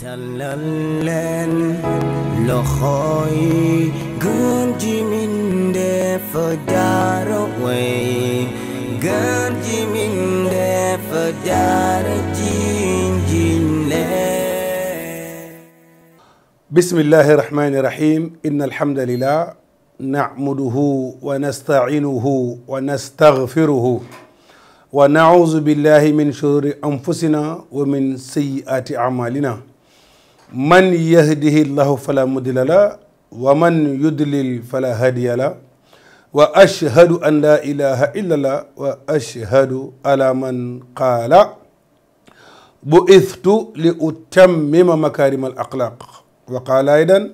tàllal leen loxoy gën ji mindeef jaara way gën ji mindeef jaara jiñ jiñ leen bismillahi rahmani rahim inna alhamdulillah nacmuduhu wa nastacinuhu wa nastagfiruhu wa nacuudu billahi min shururi anfusina wa min sayyiaati acmaalina man yahdihi llahu fala mudilla la wa man yudlil fala hadiya la wa ashhadu an la ilaha illa llah wa ashhadu ala man qaala bu'ithtu li utammima makarima al axlaq wa qaala aydan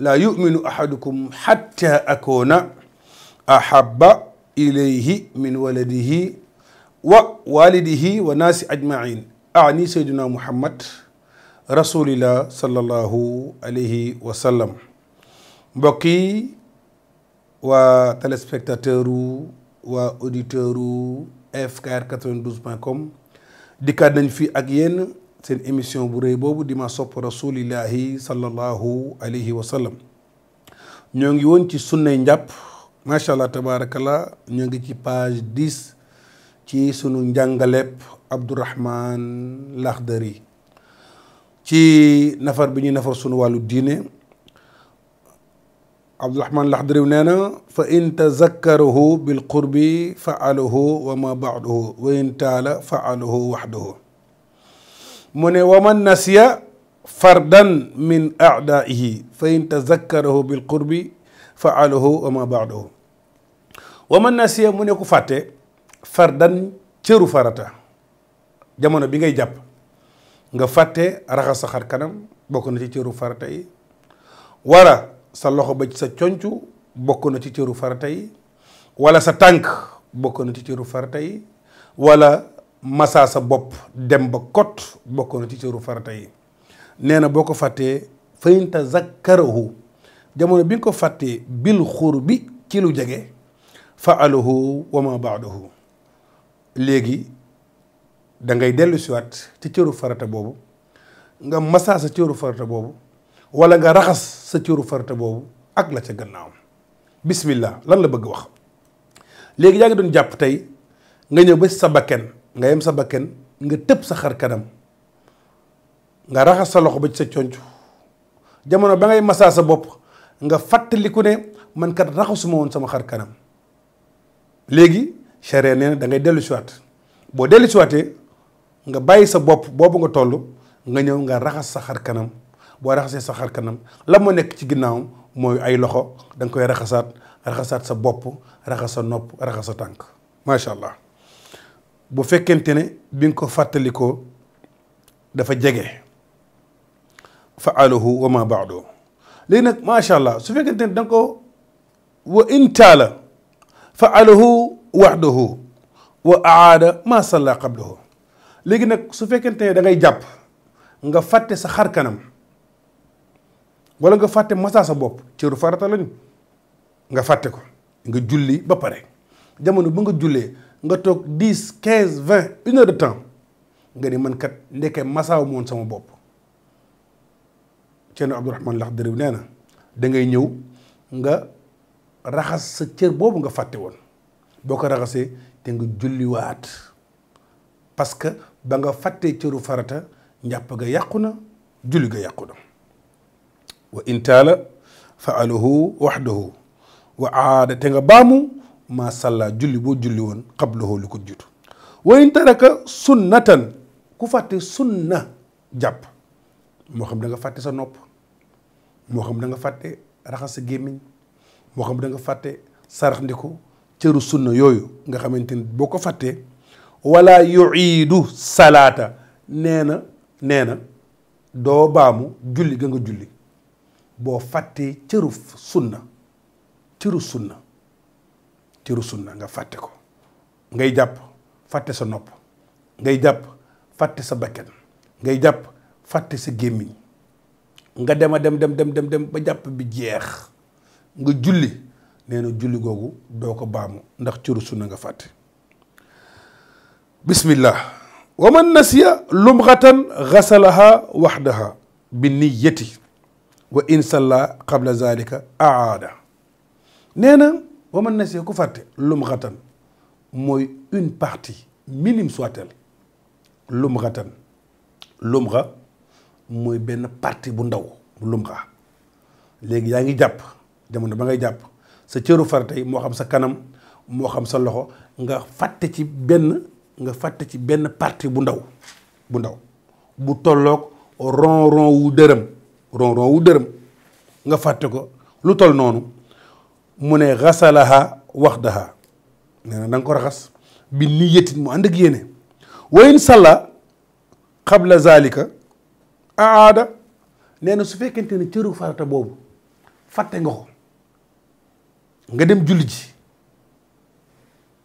la yuminu ahadukum hatta akuna ahabba ilayhi min waladihi wa walidihi wa naasi ajmain ani sayduna muhammad rasulillah sallallahu alayhi wasalam sallam mbokk yi waa téléspectateur u waa auditeur u fkr 92 point com dikkaat nañ fi ak yenn seen émission bu rëy boobu di ma sopp rasulillahi sallallahu alayhi wa sallam ñoo ngi woon ci sunnay njàpp macha allah tabaarakallah ñoo ngi ci page 10 ci sunu njàngaleeb Abdourahman Laxdari ci nafar bi ñuy nafar sunu wàllu diine Abdourahman Laxdariw nee fa in tazakkaruhu bil in taala faaluhu mu ne wa man nasiya fardan min aadaihi fa in tazakkarahu bil qurbi faaluhu wa ma baaduhu wa man nasiya mu ne ku fàtte fardan cëru farata jamono bi ngay jàpp nga fàtte raxas sa xar kanam bokk na ci cëru farata yi wala sa loxo ba sa concu bokk na ci cëru farata yi wala sa tànk bokkoon na ci cëru farata yi wala massa sa bopp dem ba kot bokk na ci cëru farata yi nee na boo ko fàttee faynta zakkarahu jamono bi nga ko fàttee bil xuur bi kilo jege faaluhu wa ma baadahu léegi da ngay dellu siwaat ci cëru farata boobu nga masaa sa cëru farata boobu wala nga raxas sa cëru farata boobu ak la ca gannaawam bismillah lan la bëgg wax léegi yaa ngi doon jàpp tey nga ñëw ba sa bakken nga yem sa bakken nga tëb sa xar kanam nga raxas sa loxo ba ci sa conc jamono ba ngay masaa sa bopp nga fàttaliku ne man kat raxasuma woon sama xar kanam léegi charia nee na da ngay dellu siwaat boo dellu siwaatee nga bàyyi sa bopp boobu nga toll nga ñëw nga raxas sa xar kanam boo raxasee sa xar kanam la mu nekk ci ginnaawam mooy ay loxo danga koy raxasaat raxasaat sa bopp raxas sa nopp raxas sa tànk macha allah bu fekkente ne bi nga ko fàttalikoo dafa jege fa faaluhu wa ma baado léegi nag macha allah su fekkente ne da nga ko wa intaala faaluhu waxdahu wa aada ma salla qablahu léegi nag su fekkente ne da ngay jàpp nga fàtte sa xar kanam wala nga fàtte massa sa bopp cëru farata lañu nga fàtte ko nga julli ba pare jamono bu nga jullee nga toog dix quinze vingt une heure de temps nga ne mankat kat ndekkee massaaw sama bopp Ceerno Abdourahmane Lax Dërëb nee na dangay ñëw nga raxas sa cër boobu nga fàtte woon boo ko raxasee te nga at parce que ba nga fàttee cëru farata njàpp ga yàqu na julli ga yàqu na wa intaala faaluhu waxdahu wa aada te nga baamu maa salla julli boo julli woon xablahu lu ko jiitu wa in taraka sunnatan ku fàtte sunna jàpp moo xam da nga sa nopp moo xam da nga fàtte raxas sa gémmiñ moo xam da nga fàtte sarax cëru sunna yooyu nga xamante ni boo ko fàttee wala yuiidu salaata nee na nee na doo baamu julli ga nga julli boo fàttee cëru sunna cëru sunna cëru nga fàtte ko ngay jàpp fàtte sa nopp ngay jàpp fàtte sa bakkan ngay jàpp fàtte sa gémmiñ nga dem a dem dem dem dem dem ba jàpp bi jeex nga julli nee na julli googu doo ko baamu ndax cëru sunna nga fàtte bismillah wa man nasiya lumxatan xasalaha waxdaha bi niyati wa insalla qabla zalika aada nee na wa man nasiya ku fàtte lumxatan mooy une partie minime soit-elle lumxatan lumxa mooy benn partie bu ndaw lumxa léegi yaa ngi jàpp jamono ba ngay jàpp sa cëru farata yi moo xam sa kanam moo xam sa loxo nga fàtte ci benn nga fàtte ci benn partie bu ndaw bu ndaw bu tollook ron wu dërëm ron wu dërëm nga fàtte ko lu toll noonu mu ne xasalaha waxdaha nee na danga ko raxas bi niyatin mu ànd ak yéene wa in salla qabla zalika aada nee na su fekkente ne cëru farata boobu fàtte nga ko nga dem julli ji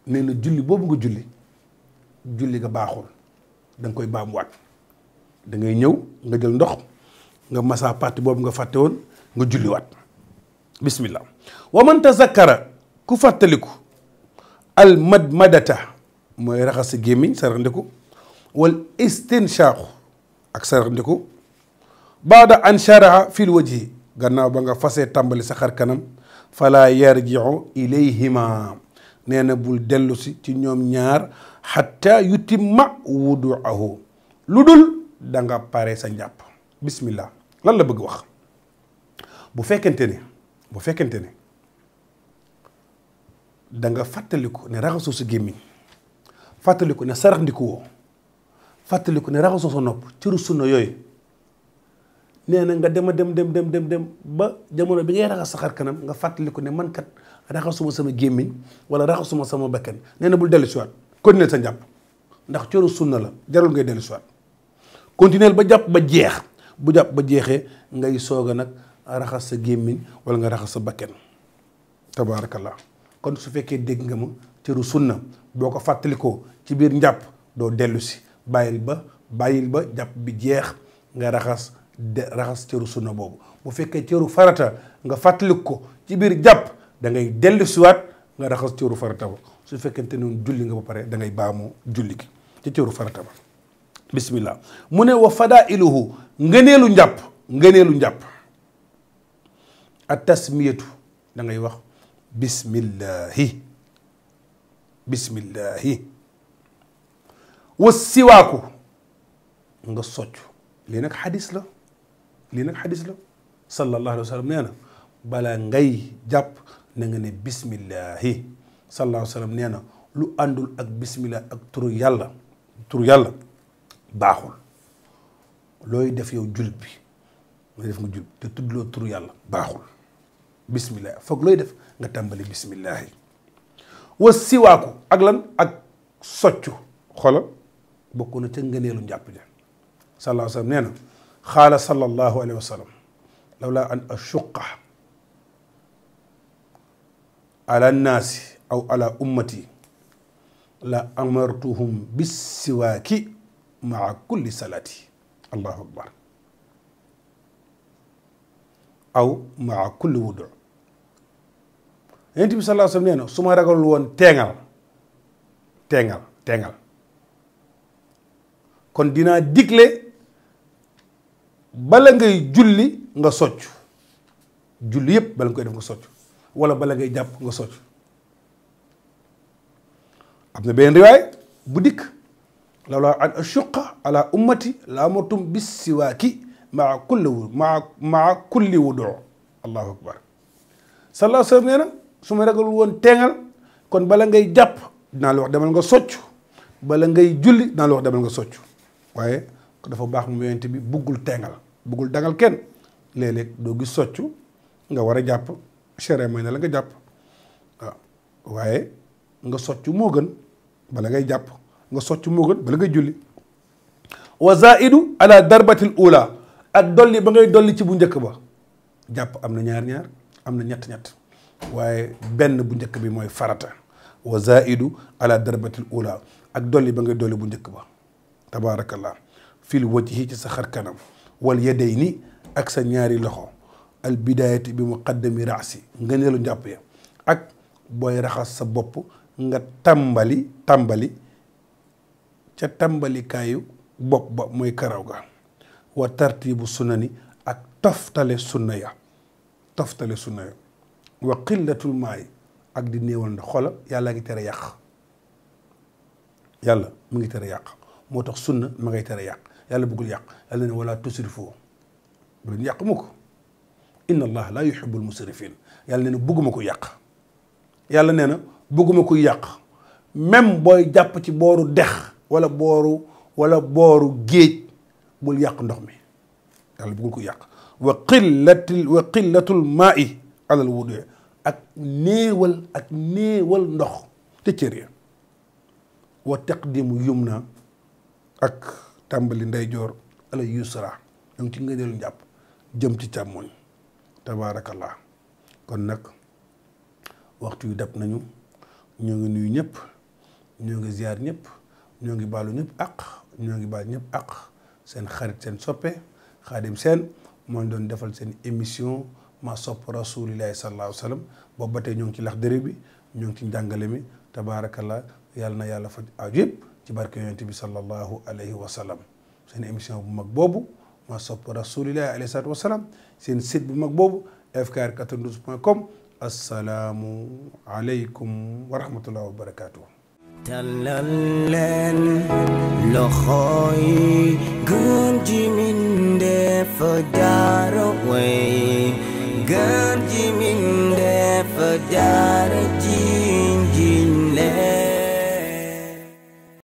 nee na julli boobu nga julli julli nga baaxul danga koy baamuwaat dangay ñëw nga jël ndox nga masaa parti boobu nga fàtte woon nga julliwaat bismillah wa man tazakkara ku fàttaliku al madmadata mooy raxas sa gémmiñ saraxandiku wal istinshaaku ak saraxandiku baada an sharaha fil wajhi gannaaw ba nga fasee tàmbali sa xar kanam fala yarjiu ilayhima nee na bul dellusi ci ñoom ñaar xatta yutimma wuduahu lu dul da nga pare sa njàpp bismillah lan la bëgg wax bu fekkente ne bu fekkente ne danga fàttaliku ne raxasoo sa gémmiñ fàttaliku ne sarax fàttaliku ne raxasoo sa nopp cëru sunna yooyu nee na nga dem a dem dem dem dem ba jamono bi ngay raxas sa xar kanam nga fàttaliku ne mankat raxasuma sama gémmiñ wala raxasuma sama bakken nee bul dellu siwaat continuer sa njàpp ndax cooru sunna la jarul ngay dellu siwaat continuer ba jàpp ba jeex bu jàpp ba jeexee ngay soog a nag raxas sa gémmiñ wala nga raxas sa bakkan tabaarakallah kon su fekkee dégg nga ma cëru sunna boo ko fàttalikoo ci biir njàpp doo dellu si bàyyil ba bàyyil ba jàpp bi jeex nga raxas de raxas cëru sunna boobu bu fekkee cëru farata nga fàttaliku ko ci biir jàpp da ngay siwaat nga raxas cóoru farata ba su fekkente noonu julli nga ba pare da ngay baamu julli gi ci cóoru farata ba bismillah mu ne wa fadaa iluhu ngëneelu njàpp ngëneelu njàpp at tasmiyatu da wax bismillahi bismillahi wa siwaaku nga socc lii nag xadis la lii nag xadis la sallallahu alayhi wa sallam nee ngay jàpp na nga ne bismillahi sallallahu alayhi wa nee na lu àndul ak bismillah ak turu yàlla turu yàlla baaxul looy def yow jullit bi nga def nga jullit te tuddloo turu yàlla baaxul bismillah foog looy def nga tàmbali bismillahi wa siwaaku ak lan ak soccu xolo bokk na ca ngëneelu njàpp ja sallallahu alayhi wa sallam nee na alayhi wa sallam an ashuqa ala naasi aw ala ummati la amartuhum bissiwaaki maa kulli salaati allahu akbar aw maa kulli wudu yonent bi salaa sallam su ma ragalul woon teengal teengal teengal kon dinaa digle bala ngay julli nga socc julli yépp bala nga koy def nga socc wala bala ngay jàpp nga socc am na benn riwaay bu dikk lawlaa an ashuqqa ala ummati la amartum bis siwaaki maa kulli wu maa allahu akbar sallallahu alayhi wasallam nee na su ma ragalul woon teengal kon bala ngay jàpp dinaa la wax demal nga socc bala ngay julli dinaa la wax demal nga socc waaye dafa baax mu yonent bi buggul teengal buggul dangal kenn léeg-léeg doo gis socc nga war a jàpp chéré mooy na la nga jàpp waaw ah, waaye nga socc moo gën bala ngay jàpp nga socc moo gën bala ngay julli wa zaidu darbatil ula ak dolli ba ngay dolli ci bu njëkk ba jàpp am na ñaar-ñaar na ñett-ñett waaye benn bu njëkk bi mooy farata wa zaidu ala darbatil ula ak dolli ba ngay dolli bu njëkk ba tabaarakallah fil wajhi ci sa xar kanam wal yadayni ak sa ñaari loxo al bidaayati bi muqaddami raasi nga neelu njàpp ak booy raxas sa bopp nga tàmbali tàmbali ca tàmbalikaayu bopp ba mooy karaw ga wa tartiibu sunani ak toftale sunna ya toftale sunna ya wa qillatul maay ak di néewal ndax xoola yàlla ngi tere yàq yàlla mu ngi tere yàq moo tax sunna mu ngay tere yàq yàlla buggul yàq yàlla ne wala tusrifoo bu leen yàq mukk inna allah laa yuhibbul musrifin yàlla nee na bëgguma ko yàq yàlla nee na bëgguma ko yàq même booy jàpp ci booru dex wala booru walla booru géej bul yàq ndox mi yàlla bëggul ko yàq wa qillatil wa qillatul maa'i alal wudu ak néewal ak néewal ndox te cër ya wa taqdimu yumna ak tàmbali ndeyjoor ala yusra donc ci nga dellu njàpp jëm ci càmmoñ tabaarakallah kon nag waxtu yu dab nañu ñoo ngi nuyu ñëpp ñoo ngi ziar ñëpp ñoo ngi baalu ñëpp àq ñoo ngi baal ñëpp àq seen xarit seen soppe xaadim seen moo doon defal seen émission ma sopp rasulillahi sallallahu alayhi wa sallam ba tey ñoo ngi ci lax dëre bi ñoo ngi ci njàngale mi tabaarakallah yàlla na yàlla faj aaju ci barke bi sallallahu alayhi wa sallam seen émission bu mag boobu ma sopp rasulillahi bu mag boobu fkr 92 com assalaamu aleykum wa rahmatullahi